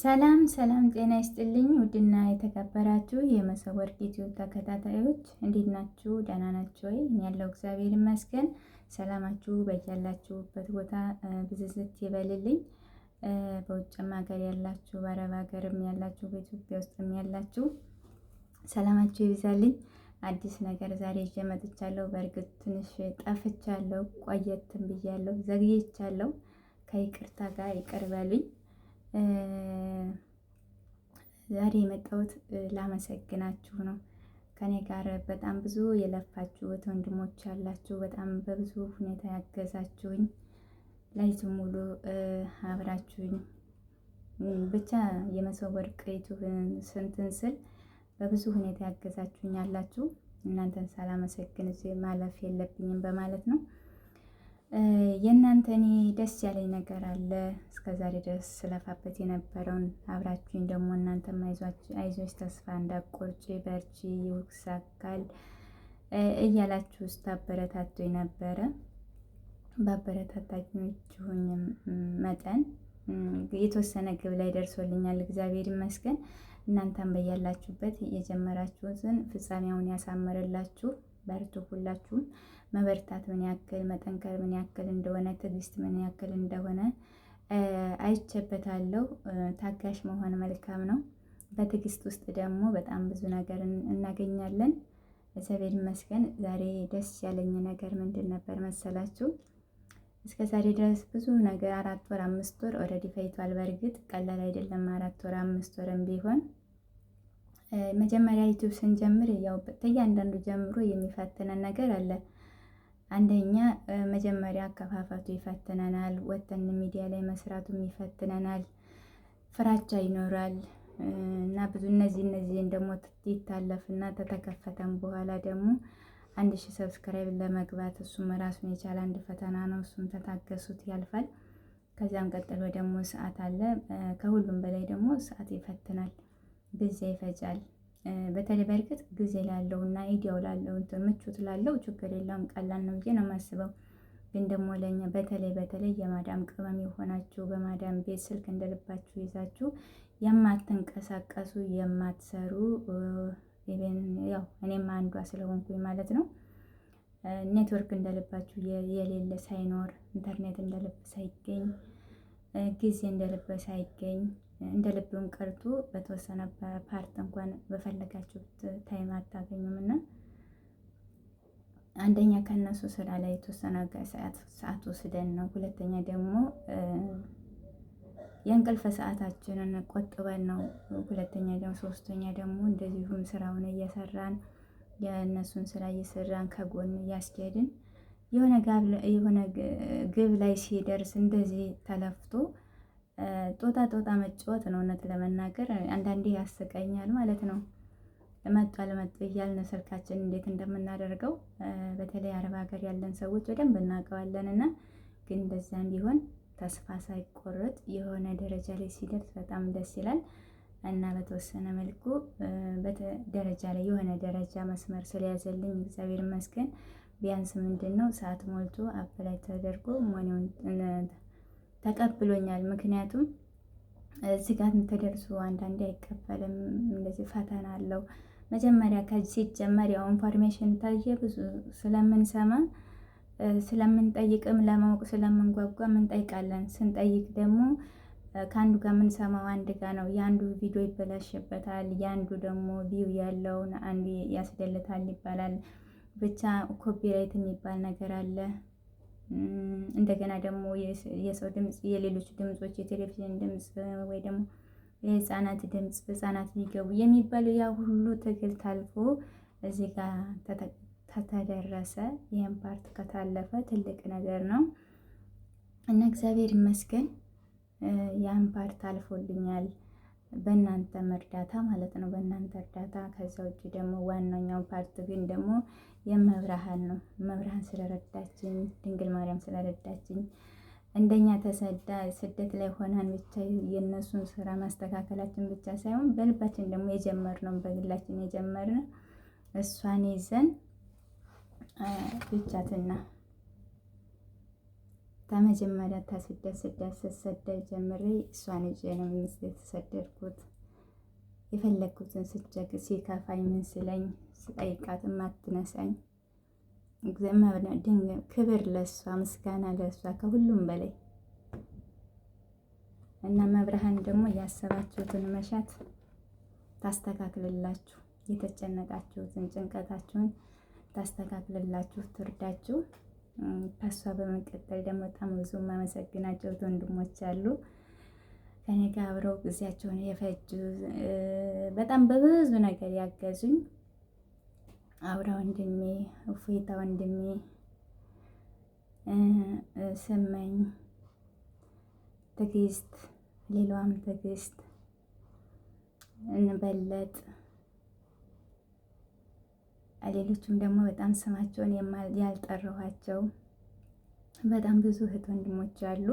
ሰላም ሰላም፣ ጤና ይስጥልኝ። ውድና የተከበራችሁ የመሶብ ወርቅ ተከታታዮች እንዴት ናችሁ? ደህና ናችሁ ወይ? ያለው እግዚአብሔር ይመስገን። ሰላማችሁ በያላችሁበት ቦታ ብዝዝት ይበልልኝ። በውጭም ሀገር ያላችሁ፣ በአረብ ሀገርም ያላችሁ፣ በኢትዮጵያ ውስጥም ያላችሁ ሰላማችሁ ይብዛልኝ። አዲስ ነገር ዛሬ ይዤ መጥቻለሁ። በእርግጥ ትንሽ ጠፍቻለሁ፣ ቆየትም ብያለሁ፣ ዘግይቻለሁ። ከይቅርታ ጋር ይቅር በሉኝ። ዛሬ የመጣሁት ላመሰግናችሁ ነው። ከኔ ጋር በጣም ብዙ የለፋችሁት ወንድሞች ያላችሁ በጣም በብዙ ሁኔታ ያገዛችሁኝ ላይቱ ሙሉ አብራችሁኝ ብቻ የመሶብ ወርቅ ዩቱብን ስንትን ስል በብዙ ሁኔታ ያገዛችሁኝ ያላችሁ እናንተን ሳላመሰግን ማለፍ የለብኝም በማለት ነው። የእናንተ እኔ ደስ ያለኝ ነገር አለ። እስከዛሬ ድረስ ስለፋበት የነበረውን አብራችሁኝ ደግሞ እናንተም አይዞች ተስፋ እንዳቆርጭ በርቺ ይሳካል እያላችሁ ስታበረታቱ ነበረ። በአበረታታችሁኝም መጠን የተወሰነ ግብ ላይ ደርሶልኛል፣ እግዚአብሔር ይመስገን። እናንተም በያላችሁበት የጀመራችሁትን ፍጻሜውን ያሳምርላችሁ። በርቱ። ሁላችሁም መበርታት ምን ያክል መጠንከር ምን ያክል እንደሆነ ትዕግስት ምን ያክል እንደሆነ አይቼበታለሁ። ታጋሽ መሆን መልካም ነው። በትዕግስት ውስጥ ደግሞ በጣም ብዙ ነገር እናገኛለን። እግዚአብሔር ይመስገን። ዛሬ ደስ ያለኝ ነገር ምንድን ነበር መሰላችሁ? እስከ ዛሬ ድረስ ብዙ ነገር አራት ወር አምስት ወር ኦልሬዲ ፈይቷል። በእርግጥ ቀላል አይደለም። አራት ወር አምስት ወርም ቢሆን መጀመሪያ ዩቲዩብ ስንጀምር ያው በእያንዳንዱ ጀምሮ የሚፈትነን ነገር አለ። አንደኛ መጀመሪያ አከፋፈቱ ይፈትነናል። ወተን ሚዲያ ላይ መስራቱም ይፈትነናል። ፍራቻ ይኖራል እና ብዙ እነዚህ እነዚህን ደግሞ ይታለፍና ተተከፈተን በኋላ ደግሞ አንድ ሺህ ሰብስክራይብ ለመግባት እሱም ራሱን የቻለ አንድ ፈተና ነው። እሱም ተታገሱት ያልፋል። ከዚያም ቀጥሎ ደግሞ ሰዓት አለ። ከሁሉም በላይ ደግሞ ሰዓት ይፈትናል። ጊዜ ይፈጃል። በተለይ በእርግጥ ጊዜ ላለው እና ኢዲያው ላለው እንትን ምቾት ላለው ችግር የለውም ቀላል ነው ብዬ ነው የማስበው። ግን ደግሞ ለእኛ በተለይ በተለይ የማዳም ቅመም የሆናችሁ በማዳም ቤት ስልክ እንደልባችሁ ይዛችሁ የማትንቀሳቀሱ የማትሰሩ ያው እኔም አንዷ ስለሆንኩኝ ማለት ነው። ኔትወርክ እንደልባችሁ የሌለ ሳይኖር ኢንተርኔት እንደልብ ሳይገኝ ጊዜ እንደልብ ሳይገኝ እንደ ልብም ቀርቶ በተወሰነ ፓርት እንኳን በፈለጋችሁት ታይም አታገኙም እና አንደኛ ከእነሱ ስራ ላይ የተወሰነ ሰዓት ወስደን ነው። ሁለተኛ ደግሞ የእንቅልፍ ሰዓታችንን ቆጥበን ነው። ሁለተኛ ደግሞ ሶስተኛ ደግሞ እንደዚሁም ስራውን እየሰራን የእነሱን ስራ እየሰራን ከጎን እያስኬድን የሆነ ግብ ላይ ሲደርስ እንደዚህ ተለፍቶ ጦጣ ጦጣ መጫወት ነው። እውነት ለመናገር አንዳንዴ ያስቀኛል ማለት ነው። መጡ አልመጡ እያልን ስልካችን እንዴት እንደምናደርገው በተለይ አረብ ሀገር ያለን ሰዎች በደንብ እናውቀዋለን። እና ግን እንደዚያ እንዲሆን ተስፋ ሳይቆረጥ የሆነ ደረጃ ላይ ሲደርስ በጣም ደስ ይላል። እና በተወሰነ መልኩ ደረጃ ላይ የሆነ ደረጃ መስመር ስለያዘልኝ እግዚአብሔር ይመስገን። ቢያንስ ምንድን ነው ሰዓት ሞልቶ አፕላይ ተደርጎ ሞኔውን ተቀብሎኛል። ምክንያቱም ስጋት ተደርሶ አንዳንዴ አይከፈልም፣ እንደዚህ ፈተና አለው። መጀመሪያ ሲጀመር ያው ኢንፎርሜሽን ታየ ብዙ ስለምንሰማ ስለምንጠይቅም ለማወቅ ስለምንጓጓ ምንጠይቃለን። ስንጠይቅ ደግሞ ከአንዱ ጋር የምንሰማው አንድ ጋር ነው። የአንዱ ቪዲዮ ይበላሽበታል፣ የአንዱ ደግሞ ቪው ያለውን አንዱ ያስደልታል ይባላል። ብቻ ኮፒራይት የሚባል ነገር አለ። እንደገና ደግሞ የሰው ድምፅ፣ የሌሎች ድምፆች፣ የቴሌቪዥን ድምፅ ወይ ደግሞ የህፃናት ድምፅ ህፃናት ሊገቡ የሚባለው ያ ሁሉ ትግል ታልፎ እዚህ ጋር ከተደረሰ ይህን ፓርት ከታለፈ ትልቅ ነገር ነው እና እግዚአብሔር ይመስገን ያን ፓርት አልፎልኛል። በእናንተ እርዳታ ማለት ነው፣ በእናንተ እርዳታ። ከዛ ውጭ ደግሞ ዋናኛው ፓርት ግን ደግሞ የመብርሃን ነው። መብርሃን ስለረዳችኝ፣ ድንግል ማርያም ስለረዳችኝ እንደኛ ተሰዳ ስደት ላይ ሆናን ብቻ የእነሱን ስራ ማስተካከላችን ብቻ ሳይሆን በልባችን ደግሞ የጀመርነው በግላችን የጀመርን እሷን ይዘን ብቻትና በመጀመሪያ ተስደት ስደት ስሰደድ ጀምሬ እሷን ይዤ ነው ምስ የተሰደድኩት። የፈለግኩትን ስጀግ ሲከፋኝ ምን ስለኝ ስጠይቃት ማትነሳኝ ክብር ለእሷ ምስጋና ለእሷ ከሁሉም በላይ እና መብርሃን ደግሞ ያሰባችሁትን መሻት ታስተካክልላችሁ፣ የተጨነቃችሁትን ጭንቀታችሁን ታስተካክልላችሁ ትርዳችሁ። ከሷ በመቀጠል ደግሞ በጣም ብዙ የማመሰግናቸው ወንድሞች አሉ ከኔ ጋር አብረው ጊዜያቸውን የፈጁ በጣም በብዙ ነገር ያገዙኝ አብረ ወንድሜ እፎይታ ወንድሜ ስመኝ ትግስት ሌሏም ትግስት እንበለጥ ሌሎቹም ደግሞ በጣም ስማቸውን ያልጠራኋቸው በጣም ብዙ እህት ወንድሞች አሉ።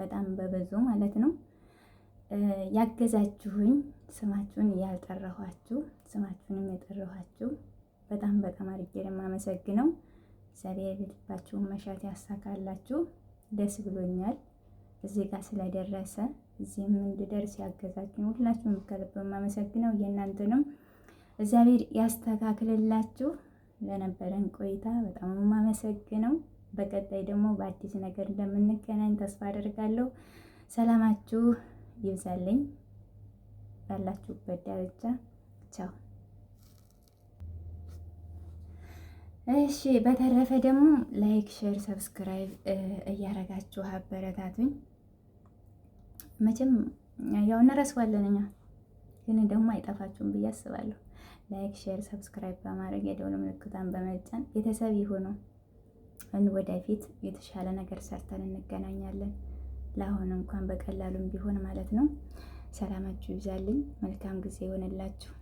በጣም በብዙ ማለት ነው። ያገዛችሁኝ ስማችሁን ያልጠራኋችሁ ስማችሁንም የጠራኋችሁ በጣም በጣም አድርጌ የማመሰግነው እግዚአብሔር የልባችሁን መሻት ያሳካላችሁ። ደስ ብሎኛል እዚህ ጋር ስለደረሰ እዚህም እንድደርስ ያገዛችሁኝ ሁላችሁም ከልብ የማመሰግነው የእናንተንም እግዚአብሔር ያስተካክልላችሁ። ለነበረን ቆይታ በጣም የማመሰግነው። በቀጣይ ደግሞ በአዲስ ነገር እንደምንገናኝ ተስፋ አደርጋለሁ። ሰላማችሁ ይብዛልኝ ባላችሁበት ደረጃ። ቻው። እሺ፣ በተረፈ ደግሞ ላይክ፣ ሼር፣ ሰብስክራይብ እያረጋችሁ አበረታቱኝ። መቼም ያው እንረሳዋለን እኛ ግን ደግሞ አይጠፋችሁም ብዬ አስባለሁ። ላይክ፣ ሼር፣ ሰብስክራይብ በማድረግ የደውል ምልክቷን በመጫን ቤተሰብ ይሁኑ። ወደፊት የተሻለ ነገር ሰርተን እንገናኛለን። ለአሁን እንኳን በቀላሉም ቢሆን ማለት ነው። ሰላማችሁ ይብዛልኝ። መልካም ጊዜ ይሆንላችሁ።